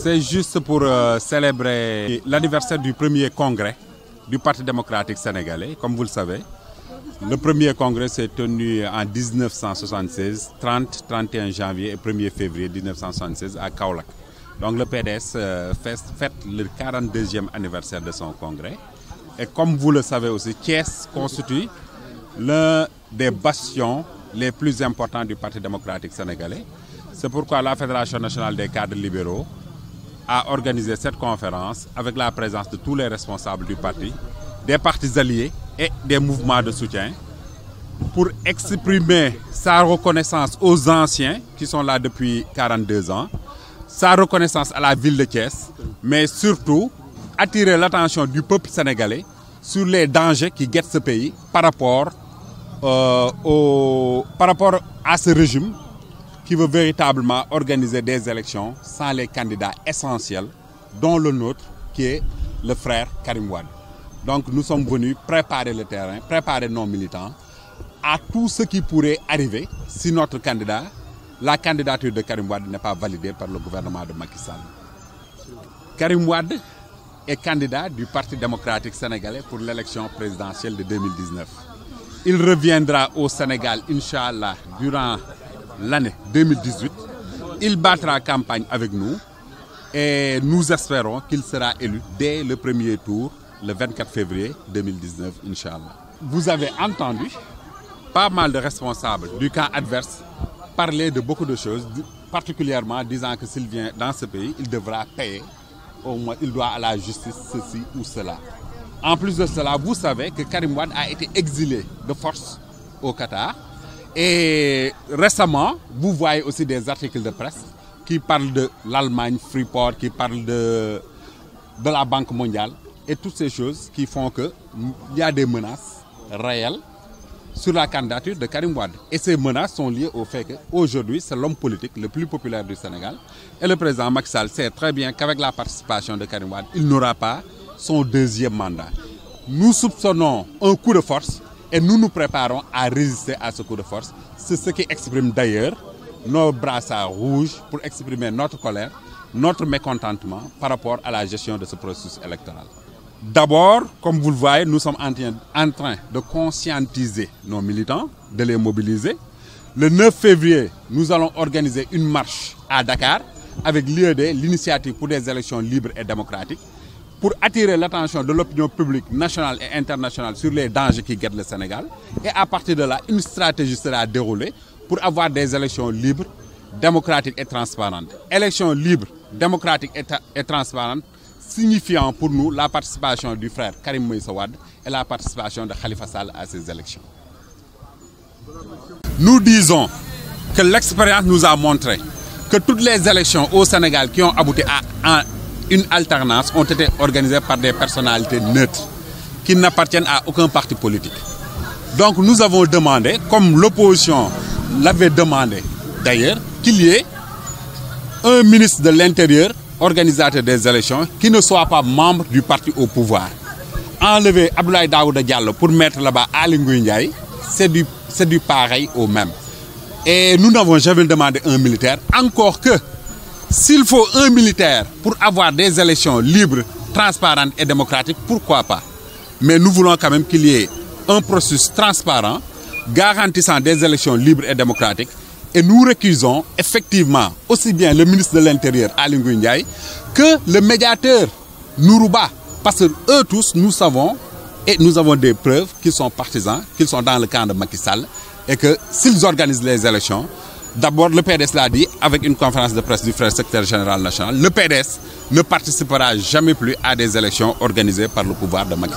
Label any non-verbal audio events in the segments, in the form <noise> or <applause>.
C'est juste pour euh, célébrer l'anniversaire du premier congrès du Parti démocratique sénégalais, comme vous le savez. Le premier congrès s'est tenu en 1976, 30, 31 janvier et 1er février 1976 à Kaolak. Donc le PDS euh, fête, le 42e anniversaire de son congrès. Et comme vous le savez aussi, Thiès constitue l'un des bastions les plus importants du Parti démocratique sénégalais. C'est pourquoi la Fédération nationale des cadres libéraux a organisé cette conférence avec la présence de tous les responsables du parti, des partis alliés et des mouvements de soutien pour exprimer sa reconnaissance aux anciens qui sont là depuis 42 ans, sa reconnaissance à la ville de Thiès, mais surtout attirer l'attention du peuple sénégalais sur les dangers qui guettent ce pays par rapport, euh, au, par rapport à ce régime qui veut véritablement organiser des élections sans les candidats essentiels, dont le nôtre, qui est le frère Karim Wade. Donc nous sommes venus préparer le terrain, préparer nos militants à tout ce qui pourrait arriver si notre candidat, la candidature de Karim Wade n'est pas validée par le gouvernement de Macky Sall. Karim Wade est candidat du Parti démocratique sénégalais pour l'élection présidentielle de 2019. Il reviendra au Sénégal, Inch'Allah, durant l'année 2018. Il battra campagne avec nous et nous espérons qu'il sera élu dès le premier tour, le 24 février 2019, Inch'Allah. Vous avez entendu pas mal de responsables du camp adverse parler de beaucoup de choses, particulièrement disant que s'il vient dans ce pays, il devra payer, au moins il doit à la justice ceci ou cela. En plus de cela, vous savez que Karim Wade a été exilé de force au Qatar et récemment, vous voyez aussi des articles de presse qui parlent de l'Allemagne, Freeport, qui parlent de, de la Banque mondiale et toutes ces choses qui font qu'il y a des menaces réelles sur la candidature de Karim Wade. Et ces menaces sont liées au fait qu'aujourd'hui, c'est l'homme politique le plus populaire du Sénégal. Et le président Macky Sall sait très bien qu'avec la participation de Karim Wade, il n'aura pas son deuxième mandat. Nous soupçonnons un coup de force et nous nous préparons à résister à ce coup de force. C'est ce qui exprime d'ailleurs nos brassards rouges pour exprimer notre colère, notre mécontentement par rapport à la gestion de ce processus électoral. D'abord, comme vous le voyez, nous sommes en train, en train de conscientiser nos militants, de les mobiliser. Le 9 février, nous allons organiser une marche à Dakar avec l'IED, l'initiative pour des élections libres et démocratiques pour attirer l'attention de l'opinion publique nationale et internationale sur les dangers qui guettent le Sénégal. Et à partir de là, une stratégie sera déroulée pour avoir des élections libres, démocratiques et transparentes. Élections libres, démocratiques et, transparentes signifiant pour nous la participation du frère Karim Moïse et la participation de Khalifa Sall à ces élections. Nous disons que l'expérience nous a montré que toutes les élections au Sénégal qui ont abouti à, à une alternance ont été organisées par des personnalités neutres qui n'appartiennent à aucun parti politique. Donc nous avons demandé, comme l'opposition l'avait demandé d'ailleurs, qu'il y ait un ministre de l'Intérieur, organisateur des élections, qui ne soit pas membre du parti au pouvoir. Enlever Abdoulaye Daouda Diallo pour mettre là-bas Ali Ndiaye, c'est du, du pareil au même. Et nous n'avons jamais demandé un militaire, encore que s'il faut un militaire pour avoir des élections libres, transparentes et démocratiques, pourquoi pas Mais nous voulons quand même qu'il y ait un processus transparent garantissant des élections libres et démocratiques. Et nous récusons effectivement aussi bien le ministre de l'Intérieur, Alingou Ndiaye, que le médiateur, Nourouba. Parce que eux tous, nous savons et nous avons des preuves qu'ils sont partisans, qu'ils sont dans le camp de Macky et que s'ils organisent les élections, D'abord, le PDS l'a dit avec une conférence de presse du frère secrétaire général national. Le PDS ne participera jamais plus à des élections organisées par le pouvoir de Macky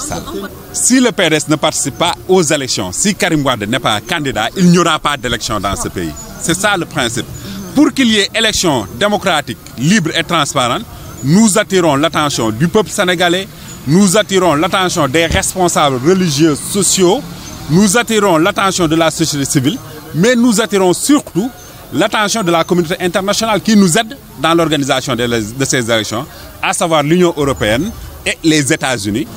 Si le PDS ne participe pas aux élections, si Karim Wade n'est pas candidat, il n'y aura pas d'élection dans ce pays. C'est ça le principe. Pour qu'il y ait élection démocratique, libre et transparente, nous attirons l'attention du peuple sénégalais, nous attirons l'attention des responsables religieux, sociaux, nous attirons l'attention de la société civile mais nous attirons surtout l'attention de la communauté internationale qui nous aide dans l'organisation de, ces élections, à savoir l'Union européenne et les États-Unis,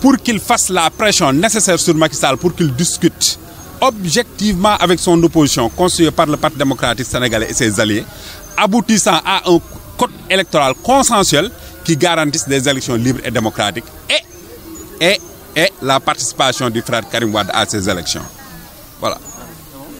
pour qu'ils fassent la pression nécessaire sur Macky Sall pour qu'il discute objectivement avec son opposition constituée par le Parti démocratique sénégalais et ses alliés, aboutissant à un code électoral consensuel qui garantisse des élections libres et démocratiques et, et, et la participation du frère Karim Wade à ces élections. Voilà.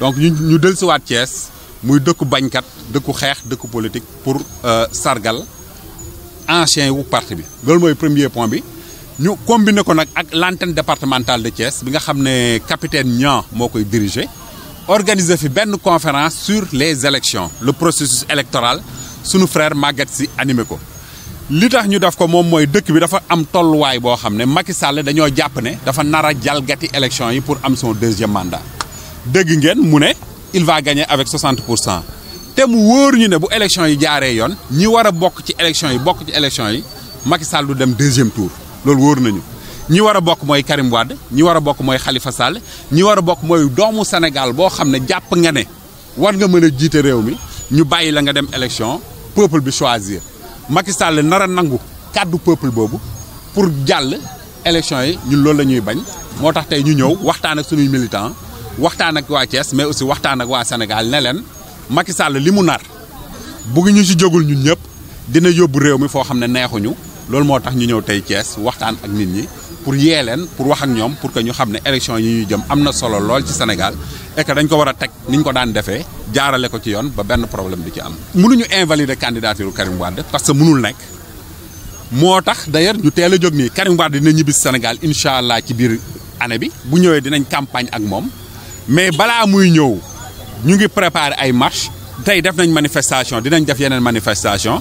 donc ñu ñu dellusiwaat Thiès muy dëkku de dëkku xeex dëkku politique pour euh, sargal ancien wu parti bi loolu le premier point bi Nous combiné ko l'antenne départementale de Thiès bi nga xam capitaine Nyan, moo koy diriger organiser fi conférence sur les élections le processus électoral sous frère frères Sy animé ko li tax ñu c'est ko moom mooy dëkk bi dafa am tolluwaay boo xam ne Macky Sall dañoo jàpp les élections pour am son deuxième mandat dégg ngeen mu il va gagner avec 60 pour cent mu wóor ñu ne bu élection yi jaaré yoon ñi wara bok ci élection yi bok ci élection yi Macky Sall du dem deuxième tour lool wóor nañu ñi wara bok moy Karim Wade ñi wara bok moy Khalifa Sall ñi wara bok moy doomu Sénégal bo xamné ne nga né war nga mëna jité réew mi ñu bayyi la nga dem élection peuple bi choisir Macky Sall nar a nangu kàddu peuple bobu pour jall élection yi ñun lool la ñuy bañ motax tay ñu ñëw waxtaan ak suñu militants waxtaan ak waa cees mais aussi waxtaan ak waa Sénégal ne leen Macky Sall li mu nar bugg ñu ci jógul ñu ñëpp dina yóbbu réew mi foo xam ne neexuñu loolu moo tax ñu ñëw tey Thiès waxtaan ak nit ñi pour yee leen pour wax ak ñoom pour que ñu xam ne élection yi ñu jëm am na solo lool ci Sénégal et dañ ko war a teg ni ñu ko daan defee jaarale ko ci yoon ba benn problème di ci am. mënuñu invalider candidature Karim Wade parce que mënul nekk moo tax d'ailleurs ñu teel a jóg nii Karim Wade dina ñibbi Sénégal incha allah ci biir année bi bu ñëwee dinañ campagne ak moom. mais bala muy ñew ñu ngi préparer ay marche tay def nañ manifestation dinañ def yenen manifestation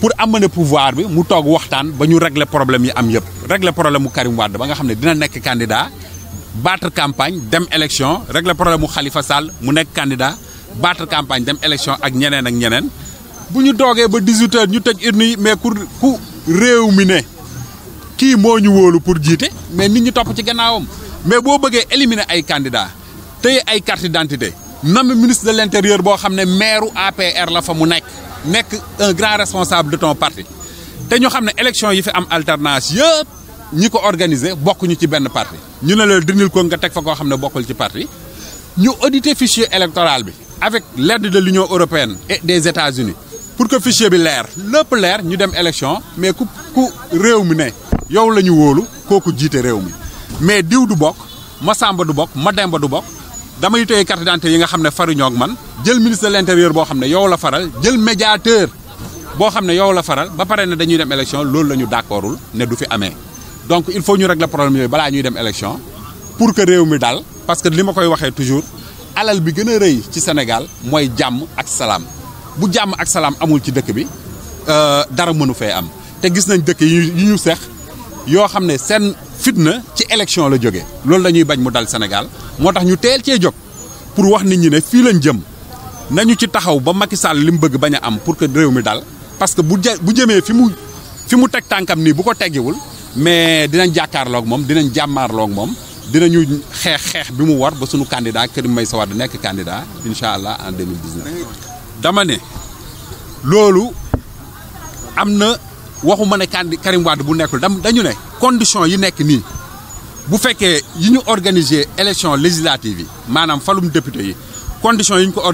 pour amener le pouvoir bi mu tok waxtan ba ñu régler problème yi am le régler problème Karim Wade ba nga xamné dina nek candidat battre campagne dem élection régler problème Khalifa Sall mu nek candidat battre campagne dem élection ak ñeneen ak ñeneen bu ñu doogee ba 18 h ñu tej urne mais ku ku réew mi né ki ñu pour jiite mais nit ñi top ci gannaawum mais vous bëggé éliminer ay candidats téye ay carte d'identité nam ministre de l'intérieur boo xam ne maire APR la fa mu nekk nekk un grand responsable de ton parti te ñu xam ne élection yi fi am alternance yëpp ñi ko organiser ñu ci benn parti ñu ne la dindil ko nga teg fa koo xam ne bokkul ci parti ñu auditer fichier électoral bi avec l'aide de l'Union européenne et des États-Unis pour que fichier bi leer lépp leer ñu dem élection mais ku ku réew mi ne yow la ñu wóolu kooku jiite réew mi mais diw du bokk Masamba du bokk Mademba du bokk damay téye carte d'identité yi nga xam ne faruñoo ak man jël ministre de l'intérieur boo xam ne yow la faral jël médiateur boo xam ne yow la faral ba pare ne dañuy dem élection loolu la ñu d'accordul ne du fi amee donc il faut ñu régler problème yooyu balaa ñuy dem élection pour que réew mi daal parce que li ma koy waxee toujours alal bi gën a rëy ci Sénégal mooy jàmm ak salaam bu jàmm ak salaam amul ci dëkk bi euh, dara mënu fee am te gis nañ dëkk yi ñu seex yoo xam ne seen fitna ci élection la jógee loolu la ñuy bañ mu dal Sénégal moo tax ñu teel cee jóg pour wax nit ñi ne fii lañ jëm nañu ci taxaw ba Macky Sall li mu bëgg bañ a am pour que réew mi dal parce que bu bu jëmee fi mu fi mu teg tànkam nii bu ko teggiwul mais dinañ jàkkaarloog moom dinañ jàmmaarloog moom dinañu xeex xeex bi mu war ba sunu candidat may Meïssa Wade nekk candidat incha allah en 2019 dama ne loolu am na waxuma ne kandi Karim Wade bu nekkul dam dañu ne condition yi nekk nii bu fekkee yi ñu organiser élection législative madame, falum député yi condition organisons. ko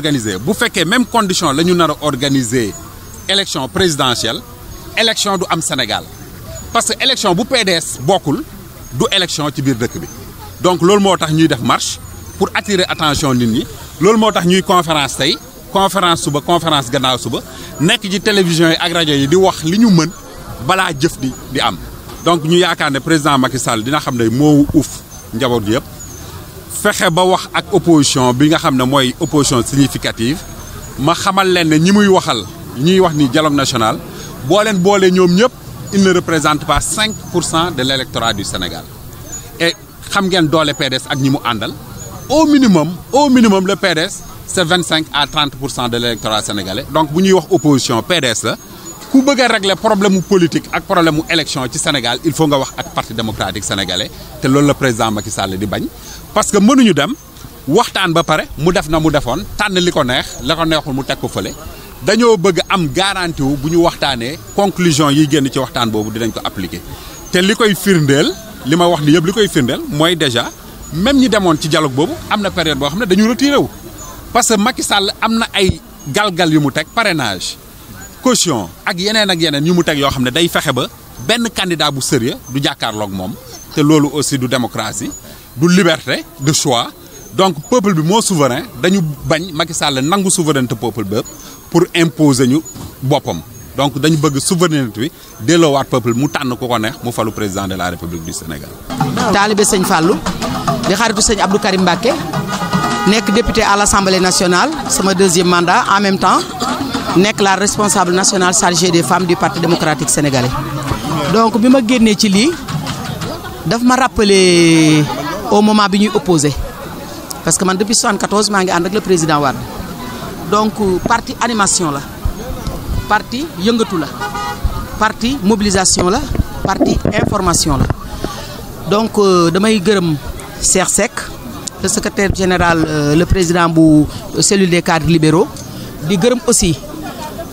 organiser même condition la nous nar l'élection élection présidentielle élection du am Sénégal parce que élection bu PDS bokkul du élection ci Bir dëkk bi donc loolu moo tax ñuy def marche pour attirer attention nit ñi loolu moo tax ñuy conférence tey conférence suba conférence gannaaw suba nekk ci télévision yi ak radio yi di wax li ñu mën jëf di di am donc ñu yaakaar ne président Macky Sall dina xam ne moo uuf njaboot gi yëpp fexe ba wax ak opposition bi nga xam ne mooy opposition significative ma xamal leen ne ñi muy waxal ñuy wax ni dialogue national boo leen boolee ñoom ñëpp il ne représente pas 5 de l'électorat du Sénégal et xam ngeen doole PDS ak ñi mu àndal au minimum au minimum le PDS c'est 25 à 30 de l'électorat sénégalais donc bu ñuy wax opposition PDS la ku bëgg régler problème politique ak problème élection ci Sénégal il faut nga wax parti démocratique sénégalais te loolu la président Macky Sall di parce que mënuñu dem waxtaan ba pare mu def na mu defoon tànn li ko neex la neexul am garantie nous ñu conclusion yi génn ci waxtaan boobu dinañ ko appliquer. te li koy firndeel ma wax ni yëpp li koy déjà même ñi demoon ci dialogue boobu amna période boo xam ne dañu retiré parce que Macky Sall am galgal yu parrainage caution ak yeneen ak yeneen yu mu teg yoo xam ne day fexe ba benn candidat bu sérieux du jàkkaarloog moom te loolu aussi du démocratie du liberté de choix donc peuple bi moo souverain dañu bañ Macky Sall nangu souveraineté peuple bépp pour imposer ñu boppam donc dañu bëgg souveraineté bi delloowaat peuple mu tànn ku ko neex mu falu président de la république du Sénégal. taalibe sëñ Fallou di xaritu sëñ Abdou Karim Mbacké nekk député à l' assemblée nationale sama deuxième mandat en même temps. Nek la responsable nationale chargée des femmes du parti démocratique sénégalais donc je me suis ci je daf me rappeler au moment bi ñuy opposé parce que depuis 1974, je suis avec le président Ward. donc parti animation là, parti parti mobilisation la parti information la donc euh, demain il Cheikh Cersec, le secrétaire général euh, le président bu cellule des cadres libéraux di aussi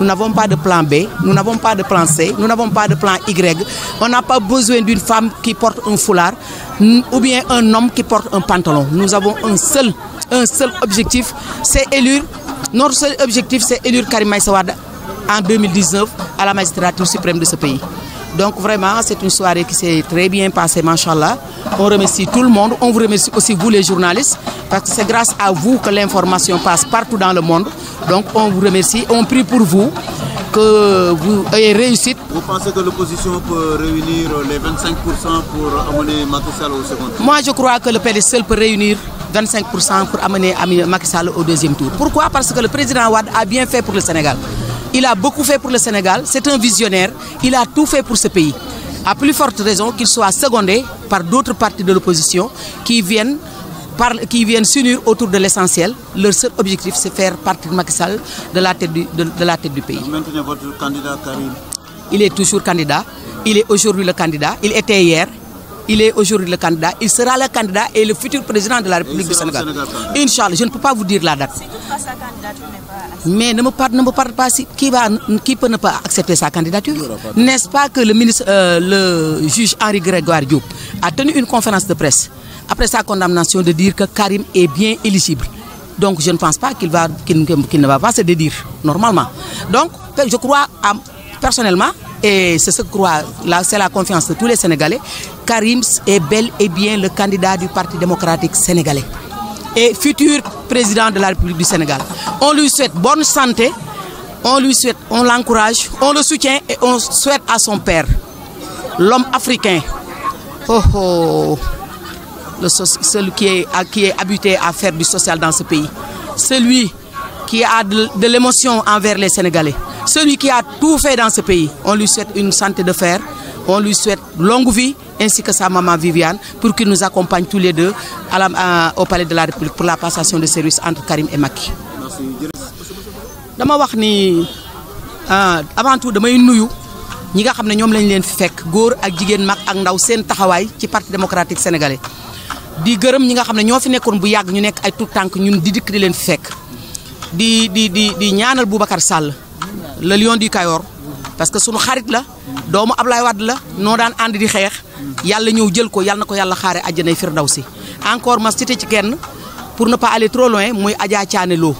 Nous n'avons pas de plan B, nous n'avons pas de plan C, nous n'avons pas de plan Y. On n'a pas besoin d'une femme qui porte un foulard ou bien un homme qui porte un pantalon. Nous avons un seul, un seul objectif, c'est élire. Notre seul objectif, c'est élire Karim en 2019 à la magistrature suprême de ce pays. Donc vraiment, c'est une soirée qui s'est très bien passée, machallah. On remercie tout le monde. On vous remercie aussi, vous les journalistes, parce que c'est grâce à vous que l'information passe partout dans le monde. Donc on vous remercie. On prie pour vous que vous ayez réussite. Vous pensez que l'opposition peut réunir les 25% pour amener Macky au second tour Moi, je crois que le PD peut réunir 25% pour amener Macky Sall au deuxième tour. Pourquoi Parce que le président Ouad a bien fait pour le Sénégal. Il a beaucoup fait pour le Sénégal, c'est un visionnaire, il a tout fait pour ce pays. A plus forte raison qu'il soit secondé par d'autres partis de l'opposition qui viennent qui viennent s'unir autour de l'essentiel. Leur seul objectif, c'est faire partir Macky de la tête du, de, la tête du pays. votre candidat Karim Il est toujours candidat. Il est aujourd'hui le candidat. Il était hier. Il est aujourd'hui le candidat. Il sera le candidat et le futur président de la République du Sénégal. Inch'Allah, je ne peux pas vous dire la date. Mais ne me parle, ne me parle pas si, qui, va, qui peut ne pas accepter sa candidature. N'est-ce pas que le, ministre, euh, le juge Henri Grégoire Diop a tenu une conférence de presse après sa condamnation de dire que Karim est bien éligible. Donc je ne pense pas qu'il va qu'il ne va pas se dédire normalement. Donc je crois personnellement et c'est ce croit, c'est la confiance de tous les Sénégalais. Karim est bel et bien le candidat du Parti démocratique sénégalais et futur président de la République du Sénégal. On lui souhaite bonne santé, on lui souhaite, on l'encourage, on le soutient et on souhaite à son père, l'homme africain, oh oh, le, celui qui est, qui est habité à faire du social dans ce pays, celui qui a de l'émotion envers les Sénégalais. Celui qui a tout fait dans ce pays, on lui souhaite une santé de fer, on lui souhaite longue vie, ainsi que sa maman Viviane, pour qu'ils nous accompagnent tous les deux à au Palais de la République pour la passation de service entre Karim et Maki. dama wax ni ah, avant tout damay nuyu ñi nga xam ne ñoom lañ leen fi fekk góor ak Mak, mag ak ndaw seen taxawaay ci parti démocratique sénégalais di gërëm ñi nga xamné ñoo fi nekkoon bu yag ñu nekk ay tout tank ñun di dik di leen fekk di di di di ñaanal Boubacar Sall. le lion du Kayor parce que sunu xarit la doomu ablay wad la no daan ànd di xex yalla ñew jël ko yalla nako yalla xare aljana firdausi encore ma cité ci kenn pour ne pas aller trop loin moy Adja Thiané Lo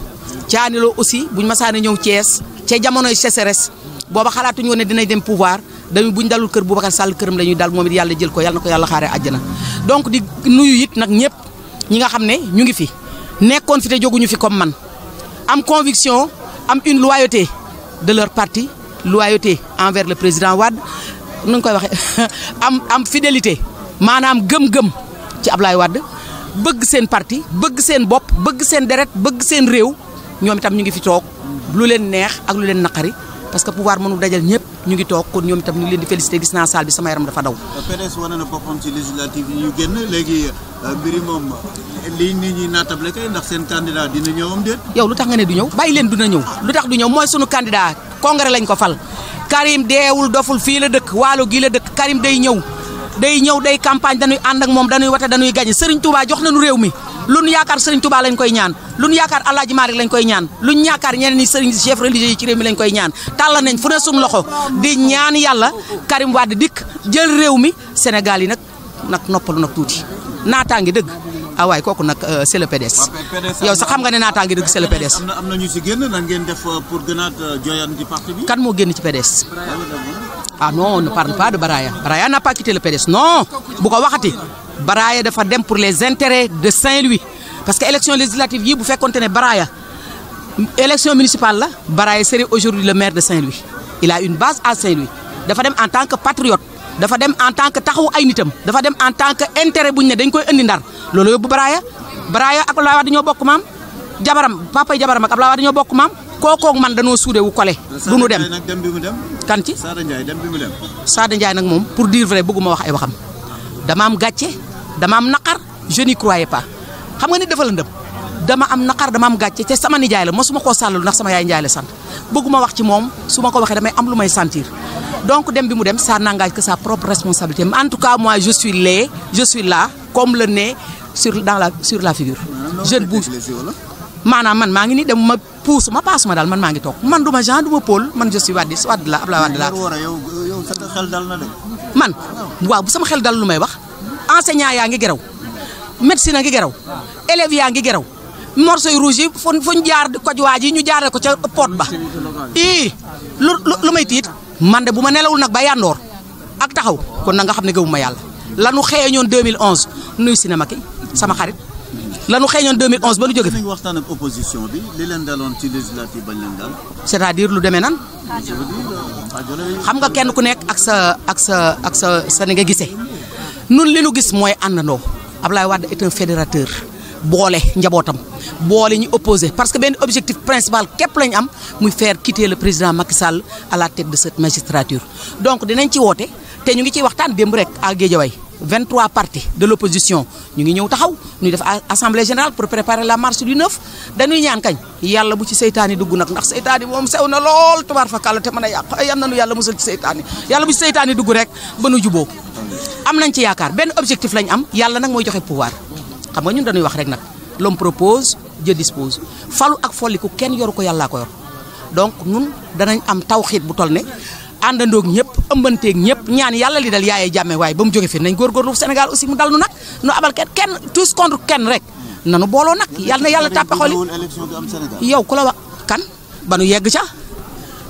Thiané Lo aussi buñ masaane ñëw Thiès ca jamonoy sécheresse boba xalaatuñu ñu ne dinañ dem pouvoir dañu buñ dalul kër Boubacar Sall këram la ñuy dal momit yalla jël ko yalla nako yalla xare aljana donc di nuyu yit nak ñepp ñi nga xamne ñu ngi fi nekkon fi te joguñu fi comme man am conviction am une loyauté de leur parti loyauté envers le président Wade nung avons koy <laughs> am fidélité manam gum ci Ablaye Wade bëgg parti bëgg seen bop, bëgg seen deret bëgg seen réew ñom itam ñu ngi fi tok, lu leen neex parce que pouvoir mënul dajal ñëpp ñu ngi toog kon ñoom itam ñu ngi leen di félicité gis naa saal bi sama yaram dafa daw. PDS wane na boppam ci législative yi ñu génn léegi euh, ndax seen candidat dina ñëw yow lu tax nga ne du ñëw bay leen dina ñëw lu tax du ñëw mooy sunu candidat congrès lañ ko fal Karim deewul doful fii la dëkk waalo gii la dëkk Karim day ñëw day ñëw day campagne dañuy ànd ak moom dañuy wate dañuy gagné Serigne Touba jox nañu réew mi lu nu yaakaar serigne touba lañ koy ñaan lu nu yaakaar alhaji malik lañ koy ñaan lu nu yaakaar ñeneen ni serigne chef religieux ci réew mi lañ koy ñaan nañ loxo di ñaan yalla karim wad dik jël réew mi sénégal yi nak nak nak tuti natangi deug ah way koku nak euh, c'est le PDS yow sa xam nga natangi deug c'est le PDS amna ñu ci genn nan ngeen def euh, pour gënaat euh, parti bi kan mo genn ci PDS ah non on ne parle pas de Baraya Baraya n'a pas quitté le PDS non bu ko waxati Baraya dafa dem pour les intérêts de Saint-Louis parce que élection législative yi bu fekkonte né Baraya élection municipale la Baraya serait aujourd'hui le maire de Saint-Louis il a une base à Saint-Louis dafa dem en tant que patriote dafa dem en tant que taxawu ay nitam dafa dem en tant que intérêt buñ né dañ koy andi ndar loolu yóbbu Baraya Baraya ak la wa ñoo bokk mam jabaram papa jabaram ak Abdoulaye Wade ñoo bokk maam kookoog man danoo soudé wu kole du nu dem kan ci Sada Ndjay dem bi mu dem Sada Ndjay nak mom pour dire vrai bëgguma wax ay waxam dama am gatché dama am naqar je n'y croyais pas xam nga ni defal lëndëm dama am naqar dama am gatché te sama nijaay la mosuma ko sàllalu nak sama yaay njaay la sant bëgguma wax ci mom su ko waxee damay am lu may sentir donc dem bi mu dem ça n'engage que sa propre responsabilité en tout cas moi je suis là je suis là comme le nez sur dans la sur la figure. je ne bouge man maa ngi nii dem ma pousse ma ma dal man maa ngi man du Jean du Paul man je suis Wade Wade la Abdoulaye Wade la. man waaw bu sama xel dal lu may wax. enseignant yaa ngi geraw médecine a ngi geraw élève yaa ngi geraw morceau rouge yi fuñ fuñ jaar koj waaj yi ñu jaarale ko ca pot ba ii lu lu may tiit man de bu ma nelawul nag ba yandoor ak taxaw kon na nga xam ne gëwuma yàlla lanu 2011 nuy cinéma ki sama xarit lanu xeeñoon 2011 ba nu jóge fi waxtaan ak opposition bi li leen daloon ci législative bañ leen dal c'est-à-dire lu demee nan euh, xam nga kenn ku nekk ak sa ak sa ak sa sa nga gisee nun li nu gis mooy àndandoo Ablaye Wade est un fédérateur boole njabootam boole ñu opposé parce que benn objectif principal képp lañu am muy faire quitter le président Macky Sall à la tête de cette magistrature donc dinañ ci woote te ñu ngi ciy waxtaan démb rek à Guédiawaye 23 partis de l'opposition ñu ngi ñew taxaw ñu def assemblée générale pour préparer la marche du 9 dañuy ñaan kañ yalla bu ci seytaane dugg nak ndax seytaane mom sew na lol, tubaar fa kala te mëna yaq ay amna ñu yalla musal ci seytaane yalla bu ci seytaane dugg rek ba ñu jubo am nañ ci yaakar ben objectif lañ am yalla nak moy joxe pouvoir xam nga ñun dañuy wax rek nak l'homme propose je dispose falu ak folliku kenn yor ko yalla ko yor donc ñun danañ am tawhid bu tol ne ñep ëmbante ak ñep ñaan yalla li dal yaay jàmme way bu mu joge fi nañ lu senegal aussi mu dal nu nak nu abal ken ken tous contre ken rek nanu bolo nak yalla yalla tapé xoli yow kula wax kan banu yegg ca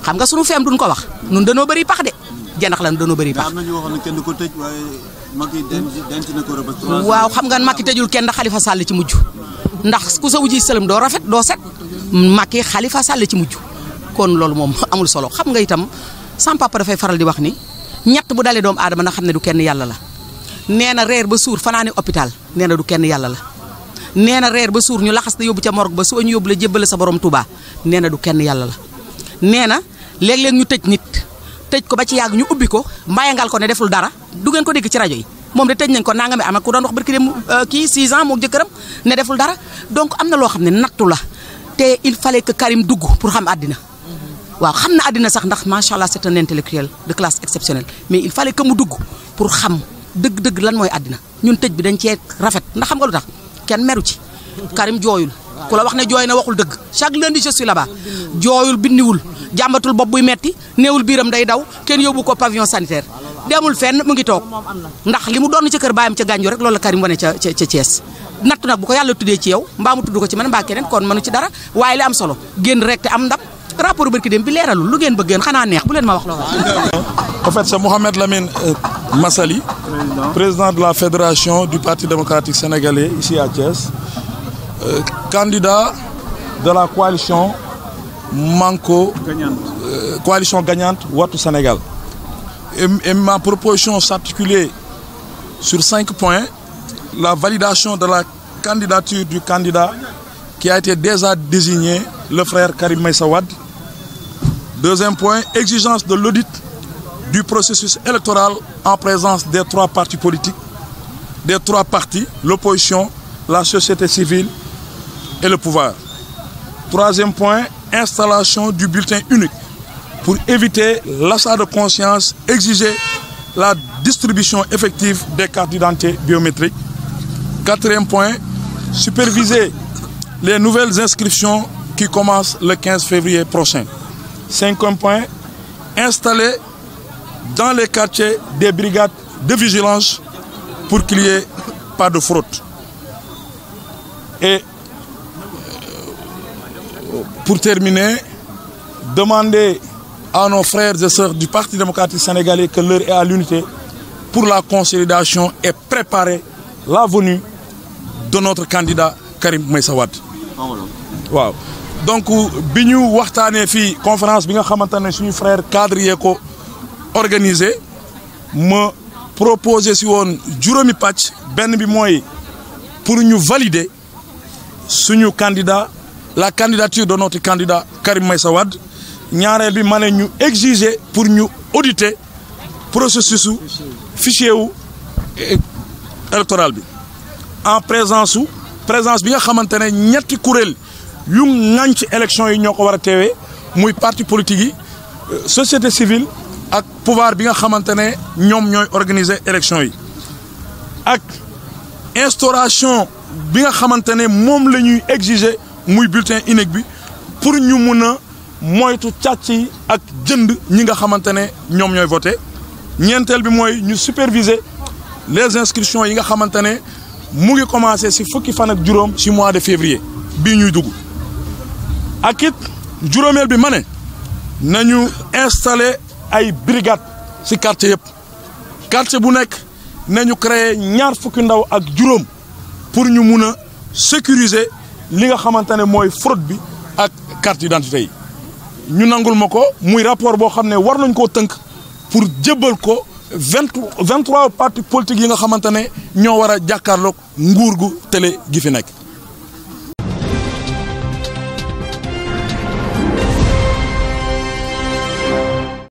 xam nga suñu fem duñ ko wax nun dañu bari pax de jenax lan dañu bari pax nañu waxoon kenn ko tëj waaye Macky denc na ko rëbës waaw xam nga Macky tejul ken da Khalifa Sall ci mujj ndax ku sa wuji sëlëm do rafet do set Macky Khalifa Sall ci mujj kon loolu mom amul solo xam nga itam sama papa dafay faral di wax ni ñett bu dalee doomu aadama na xam ne du kenn yàlla la nee na reer ba suur fanaane hôpital nee na du kenn yàlla la neena na reer ba suur ñu laxas la yóbbu ca morgue ba soo ñu yóbbu la jébbale sa borom Touba nee na du kenn yàlla la nee na léeg-léeg ñu tëj nit tëj ko ba ci yàgg ñu ubbi ko mbayangal ko ne deful dara duggeen ko dégg ci rajo yi moom de tëj nañ ko nangami am ak ku doon wax barki dem euh, kii 6 ans moo jëkkëram ne deful dara donc am na loo xam ne nattu la te il fallait que Karim dugg pour xam àddina waaw xam na àddina sax ndax macha allah c'est un intellectuel de classe exceptionnelle mais il fallait que mu dugg pour xam dëgg-dëgg lan mooy àddina ñun tëj bi dañ cee rafet ndax xam nga lu tax kenn meru ci. Karim jooyul. ku la wax ne jooy na waxul dëgg chaque lundi je suis là-bas jooyul bindiwul jàmbatul bopp buy metti néewul biiram day daw kenn yóbbu ko pavillon sanitaire demul fenn mu ngi toog ndax li mu doon ca kër baayam ca gànjo rek loolu la Karim wane ca ca ca Thiès natt nag bu ko yàlla tuddee ci yow mbaa ko ci man mbaa keneen kon mënu ci dara waaye li am solo génn rek am ndam en fait c'est Mohamed Lamine euh, Massali président de la fédération du parti démocratique sénégalais ici à Thiès euh, candidat de la coalition Manco. gagnante. Euh, coalition gagnante Wattu Sénégal et, ma proposition s'articulait sur cinq points la validation de la candidature du candidat qui a été déjà désigné, le frère Karim Maïsawad, Deuxième point, exigence de l'audit du processus électoral en présence des trois partis politiques, des trois partis, l'opposition, la société civile et le pouvoir. Troisième point, installation du bulletin unique pour éviter l'achat de conscience, exiger la distribution effective des cartes d'identité biométriques. Quatrième point, superviser les nouvelles inscriptions qui commencent le 15 février prochain. 50 points installés dans les quartiers des brigades de vigilance pour qu'il n'y ait pas de fraude. Et euh, pour terminer, demander à nos frères et sœurs du Parti démocratique sénégalais que l'heure est à l'unité pour la consolidation et préparer la venue de notre candidat Karim Meissawad. Wow donc biñu waxtané fi conférence bi nga xamantane suñu frère cadre organisé ma proposé ci won juróomi patch ben bi pour ñu valider suñu candidat la candidature de notre candidat Karim Maïsawad. Nous avons bi ñu exiger pour ñu auditer processus le fichier eh, électoral bi en présence ou présence bi nga xamante ñetti yu nanc election yi ñoko wara téwé muy parti politique yi euh, société civile ak pouvoir bi nga xamante ñom ñoy organiser élection yi ak instauration bi nga xamante mom lañuy exiger muy bulletin unique bi pour ñu mëna moytu tiatchi ak jënd ñi nga xamante ñom ñoy voter ñentel bi moy ñu superviser les inscriptions yi nga xamante mu ngi commencer ci fukki fan ak juroom ci mois de février bi ñuy dugg ak it juróomeel bi ma ne nañu installé ay brigade si quartier yëpp quartier bu nekk nañu créer ñaar fukki ndaw ak juróom pour ñu mun a sécuriser li nga xamante ne mooy fraude bi ak carte d'identité yi ñu nangul ma ko muy rapport boo xam ne war nañ koo tënk pour jébbal ko vingt vingt trois partis politiques yi nga xamante ne ñoo war a jàkkaarloog nguur gu télé gi fi nekk.